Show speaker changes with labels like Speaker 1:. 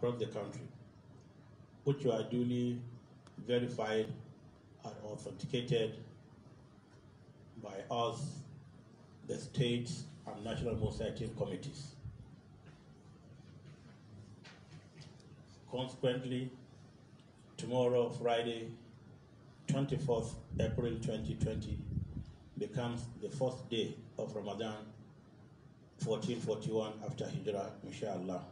Speaker 1: across the country, which were duly verified and authenticated by us, the states and national most committees. Consequently, tomorrow, Friday, 24th April 2020, becomes the first day of Ramadan 1441 after Hijrah, inshallah.